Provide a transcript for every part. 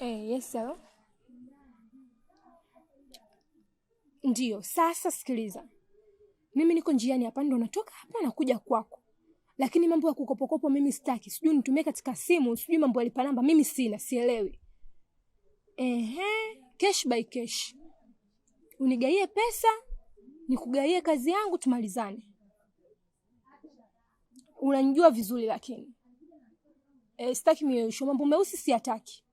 eh, yes hello Ndio, sasa sikiliza mimi niko njiani hapa ndo natoka hapa nakuja kwako lakini mambo ya kukopokopo mimi sitaki sijui nitumie katika simu sijui mambo ya lipa namba mimi sina sielewi ehe cash by cash unigaie pesa nikugaie kazi yangu tumalizane unanijua vizuri lakini e, sitaki mioyosho mambo meusi siyataki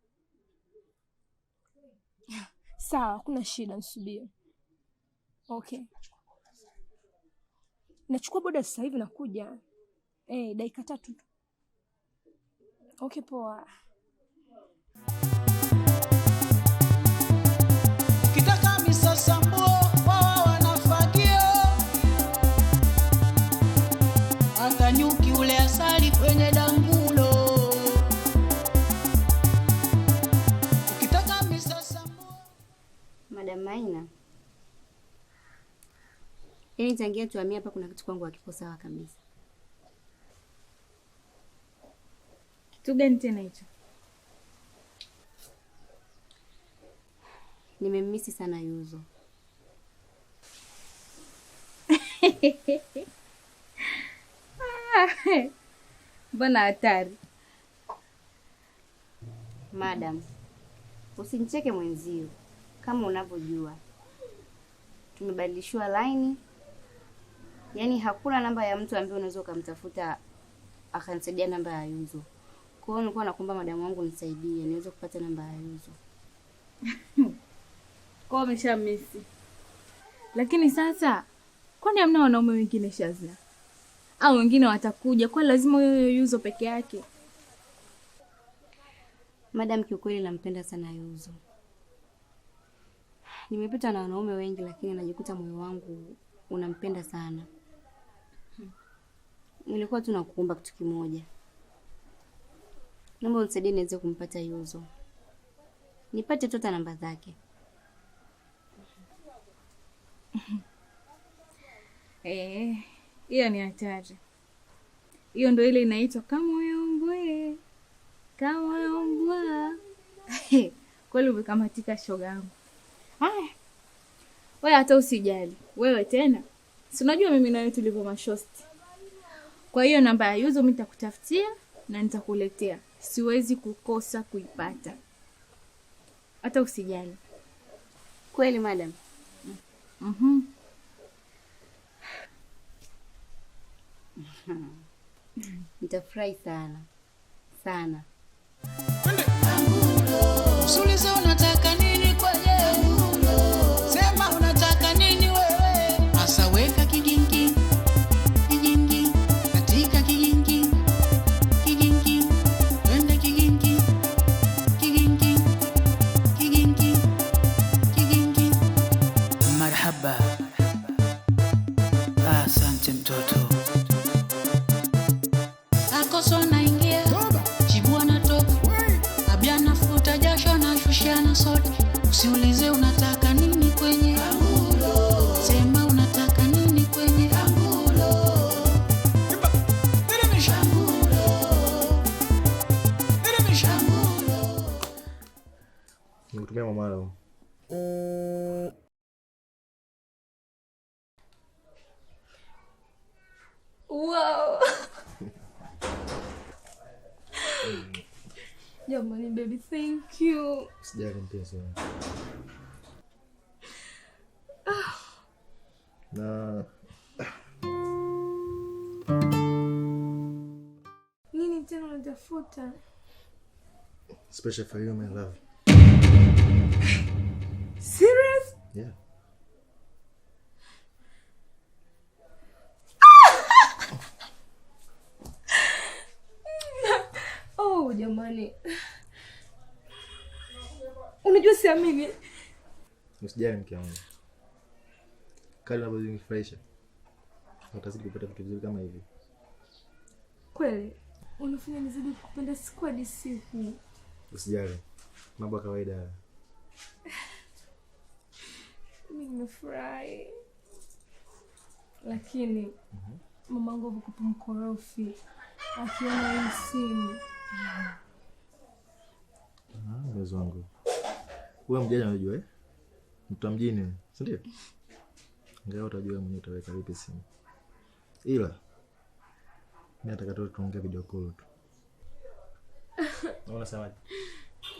Sawa, hakuna shida, nisubiri. Okay, nachukua boda sasa hivi, nakuja eh, dakika tatu. Okay, poa. Madam Maina, yaani tangia tuhamia hapa kuna kitu kwangu hakipo sawa kabisa. Kitu gani tena hicho? nimemisi sana Yuzo. Mbona hatari madam, usinicheke mwenzio kama unavyojua tumebadilishiwa laini, yaani hakuna namba ya mtu ambaye unaweza ukamtafuta akanisaidia namba ya Yuzo. Kwa hiyo nilikuwa nakuomba madamu wangu nisaidie niweze kupata namba ya Yuzo. Kwa umesha misi. Lakini sasa kwani hamna wanaume wengine Shazia? Au wengine watakuja kwa lazima huyo Yuzo peke yake? Madam, kiukweli nampenda sana Yuzo nimepita na wanaume wengi, lakini najikuta moyo wangu unampenda sana. Hmm. Nilikuwa tu nakuomba kitu kimoja, naomba unisaidie niweze kumpata Yuzo, nipate tota namba zake. Eh, hiyo ni hatari. Hiyo ndio ile inaitwa kama yombwe kama Kweli umekamatika shoga yangu wala hata usijali wewe. Tena si unajua mimi na wewe tulivyo mashosti. Kwa hiyo namba ya Yuzo mimi nitakutafutia na nitakuletea, siwezi kukosa kuipata, hata usijali. Kweli madam? mm -hmm. Nitafurahi sana sana. Usiulize unataka nini? Nimekutumia mama leo. Wow. Jamani baby, thank you. Sijali mpia sana. Na nini tena unatafuta? Special for you my love. siamini. Usijali mke wangu, kadri unavyozidi utazidi kupata vitu vizuri kama hivi. Kweli unafanya nizidi kupenda siku hadi siku. Usijali, mambo ya kawaida. Mimi nimefurahi, lakini mm -hmm. Mamangu amekupa mkorofi akiona hii simu. Ah, wangu wewe mjaji unajua eh? Mtu mjini, si ndio? Ngao utajua mwenyewe utaweka vipi simu. Ila mimi nataka tu tuongee video call tu. naona sawa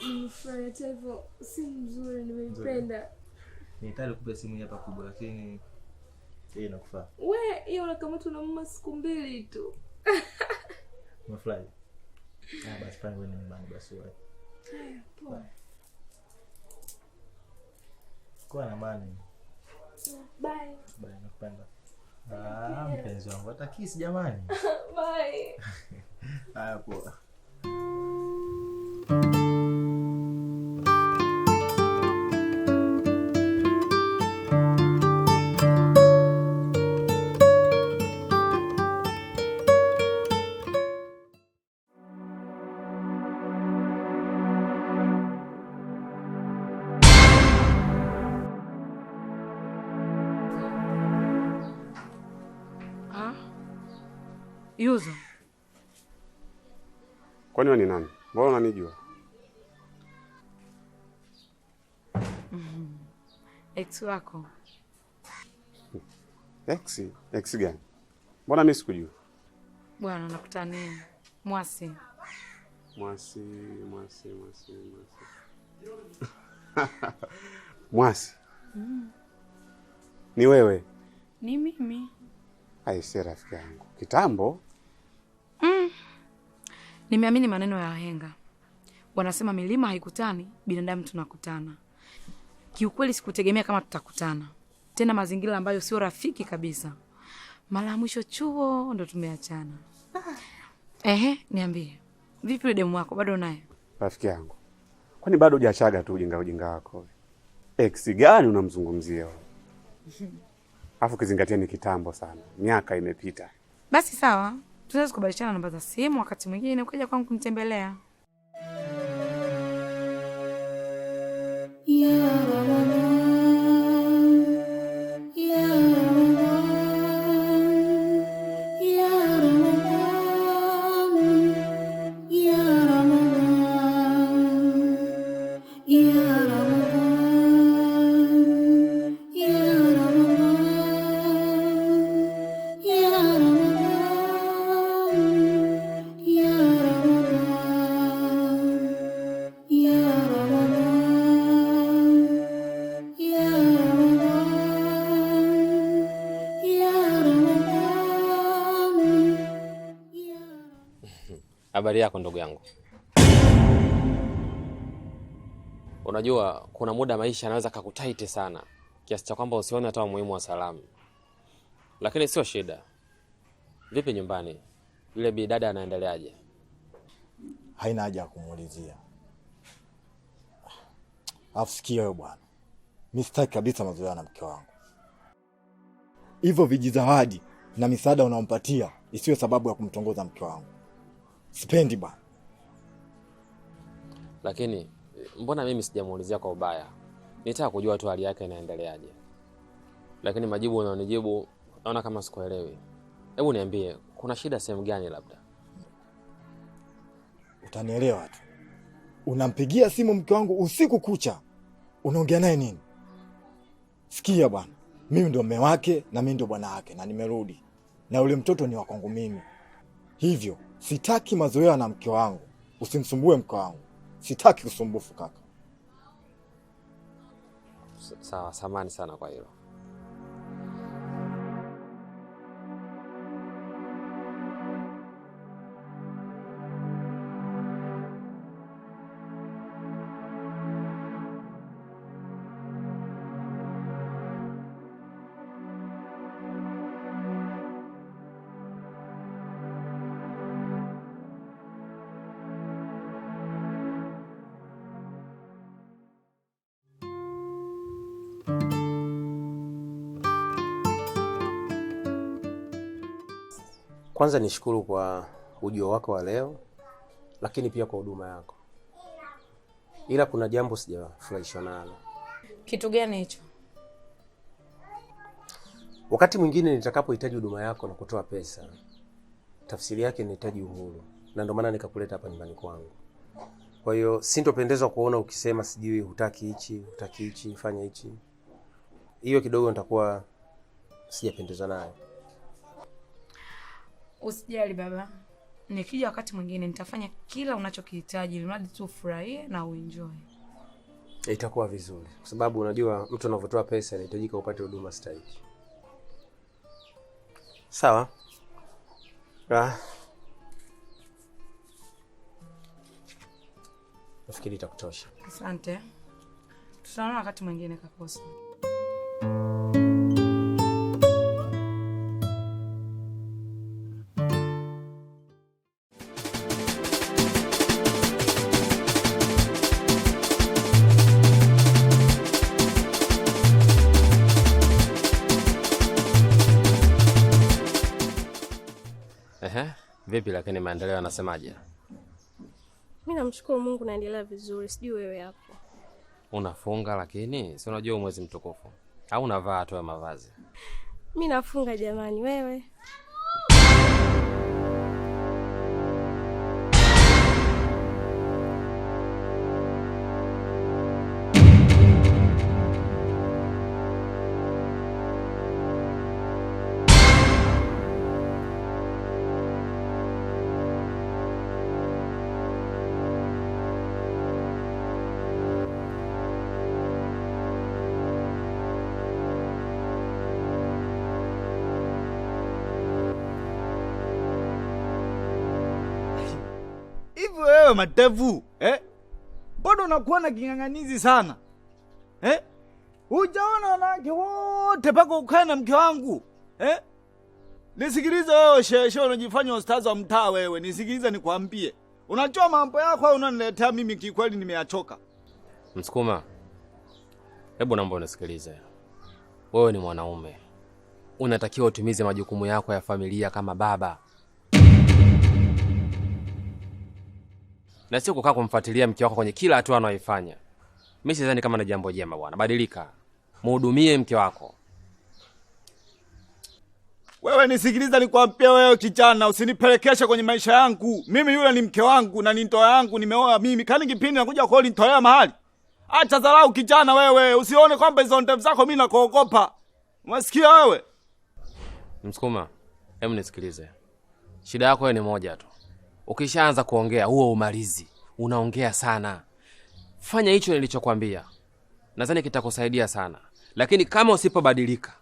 Nimefurahi hata hivyo simu nzuri nimeipenda. Nitaka kupe simu hapa kubwa lakini hii inakufaa. Wewe hiyo kama tuna mama siku mbili tu. mafly Ah, basi fanya ni mbani basi wewe. Haya, poa. Kuwa na amani. Bye. Bye, nakupenda. Ah, mpenzi wangu, hata kiss jamani. Bye. Haya poa. Yuzo. Kwani wewe ni nani? Mbona unanijua? Mm-hmm. Ex wako. Ex? Ex gani? Mbona mimi sikujua? Bwana nakutania. Mwasi. Mwasi, mwasi, mwasi, mwasi. Mwasi. Mm. Ni wewe? Ni mimi. Aise, rafiki yangu. Kitambo Nimeamini maneno ya wahenga, wanasema milima haikutani, binadamu tunakutana. Kiukweli sikutegemea kama tutakutana tena, mazingira ambayo sio rafiki kabisa. Mara ya mwisho chuo ndo tumeachana. Ah. Ehe, niambie, vipi demu wako bado naye? Rafiki yangu, kwani bado hujashaga tu ujinga ujinga wako? Ex gani unamzungumzia wewe? Alafu ni kitambo sana, miaka imepita. Basi sawa, Tunaweza kubadilishana namba za simu wakati mwingine ukija kwangu kumtembelea. Yeah. habari yako ndugu yangu. Unajua kuna muda maisha anaweza kakutaiti sana kiasi cha kwamba usione hata umuhimu wa salamu, lakini sio shida. Vipi nyumbani, yule bi dada anaendeleaje? Haina haja ya kumuulizia. Afu wewe bwana, mi sitaki kabisa mazoea na mke wangu. Hivyo vijizawadi na misaada unaompatia isiyo sababu ya kumtongoza mke wangu. Sipendi bwana. Lakini mbona mimi sijamuulizia kwa ubaya? Nitaka kujua tu hali yake inaendeleaje, lakini majibu unaonijibu naona kama sikuelewi. Hebu niambie, kuna shida sehemu gani? Labda utanielewa tu. Unampigia simu mke wangu usiku kucha, unaongea naye nini? Sikia bwana, mimi ndo mme wake na mimi ndo bwana wake, na nimerudi na yule mtoto ni wa kwangu mimi, hivyo Sitaki mazoea na mke wangu, usimsumbue mke wangu, sitaki usumbufu kaka. Sawa, samani sana kwa hilo. Kwanza nishukuru kwa ujio wako wa leo, lakini pia kwa huduma yako, ila kuna jambo sijafurahishwa nalo. Kitu gani hicho? Wakati mwingine nitakapohitaji huduma yako na kutoa pesa, tafsiri yake nahitaji uhuru, na ndio maana nikakuleta hapa nyumbani kwangu. Kwa hiyo sintopendezwa kuona ukisema sijui hutaki hichi, hutaki hichi, fanya hichi. Hiyo kidogo nitakuwa sijapendezwa nayo. Usijali baba, nikija wakati mwingine nitafanya kila unachokihitaji, mradi tu ufurahie na uenjoy. Itakuwa vizuri, kwa sababu unajua mtu anavyotoa pesa inahitajika upate huduma stahiki. Sawa. Ah. Nafikiri itakutosha. Asante. Tutaona wakati mwingine kakosa Vipi lakini maendeleo yanasemaje? Mimi namshukuru Mungu naendelea vizuri, sijui wewe hapo. Unafunga lakini si unajua mwezi mtukufu au unavaa tu mavazi? Mimi nafunga jamani, wewe wewe matevu eh? Bado unakuwa na king'ang'anizi sana eh? Ujaona wanawake wote mpaka ukae na mke wangu eh? Nisikilize wewe sheshe, unajifanya ustazi wa mtaa wewe, nisikilize nikwambie, unachoa mambo yako au unaniletea mimi? Kikweli nimeachoka. Msukuma, hebu naomba unisikilize. Wewe ni mwanaume, unatakiwa utimize majukumu yako ya familia kama baba na sio kukaa kumfuatilia mke wako kwenye kila hatua anayoifanya. Mimi sidhani kama ni jambo jema bwana. Badilika, muhudumie mke wako. Wewe nisikiliza, nikwambie wewe kijana, usinipelekeshe kwenye maisha yangu. Mimi yule ni mke wangu na ni ndoa yangu, nimeoa mimi. Kani kipindi nakuja kwao nitolea mahali? Acha dharau kijana, wewe usione kwamba hizo ndevu zako mi nakuogopa. Umesikia wewe? Msukuma, hebu nisikilize, shida yako ni moja tu Ukishaanza kuongea huo umalizi, unaongea sana. Fanya hicho nilichokwambia, nadhani kitakusaidia sana, lakini kama usipobadilika,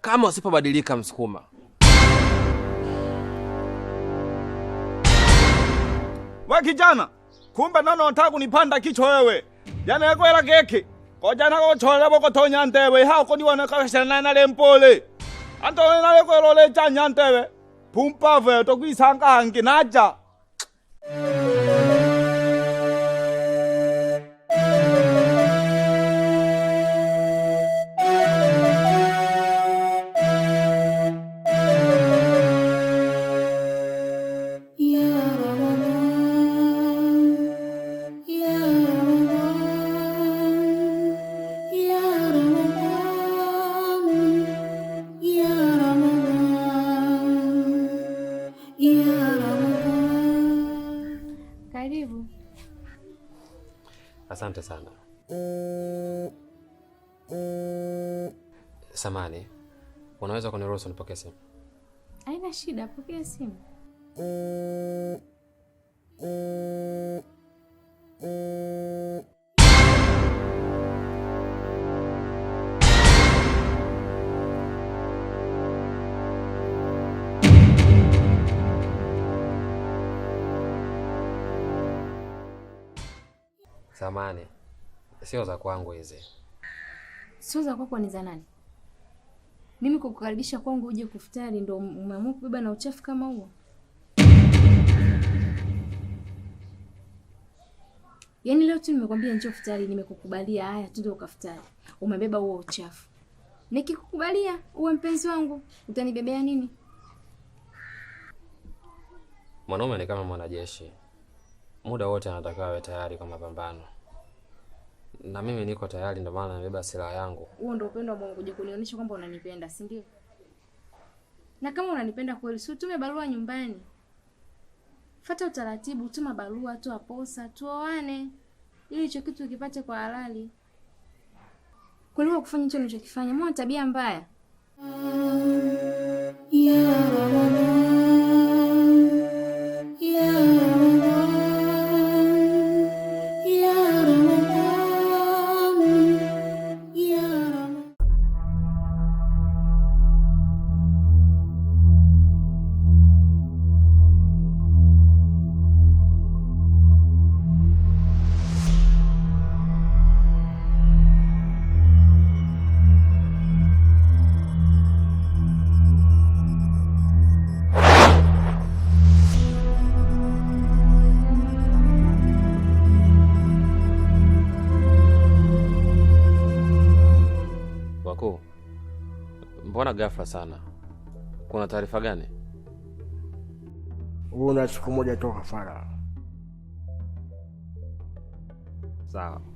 kama usipobadilika, Msukuma, we kijana, kumbe nono unataka kunipanda kichwa wewe. jana yakwela keke kojana kocholela bokotonya ntebe hako ndiwanekakashana nale mpole antonenalekwelole chanya ntebe 붐바브에 또 귀상가 한게 낫자. Asante sana. Samani, unaweza kuniruhusu nipokee simu? Haina shida, pokea simu. Samani sio za kwangu hizi. Sio za kwako, ni za nani? Mimi kukukaribisha kwangu uje kufutari, ndo umeamua kubeba na uchafu kama huo? Yaani leo tu nimekwambia njoo futari, nimekukubalia haya, tuende ukafutari, umebeba huo uchafu. Nikikukubalia uwe mpenzi wangu, utanibebea nini? Mwanaume ni kama mwanajeshi muda wote anatakiwa awe tayari kwa mapambano, na mimi niko tayari, ndio maana nimebeba silaha yangu. Huo ndio upendo Mungu, je, kunionyesha kwamba unanipenda, si ndio? Na kama unanipenda kweli, si utume barua nyumbani, fata utaratibu, tuma barua tu aposa, tuoane, ili hicho kitu ukipate kwa halali kuliko kufanya hicho unachokifanya. Mbona tabia mbaya? yeah. Mbona ghafla sana? Kuna taarifa gani? Una siku moja toka fara. Sawa.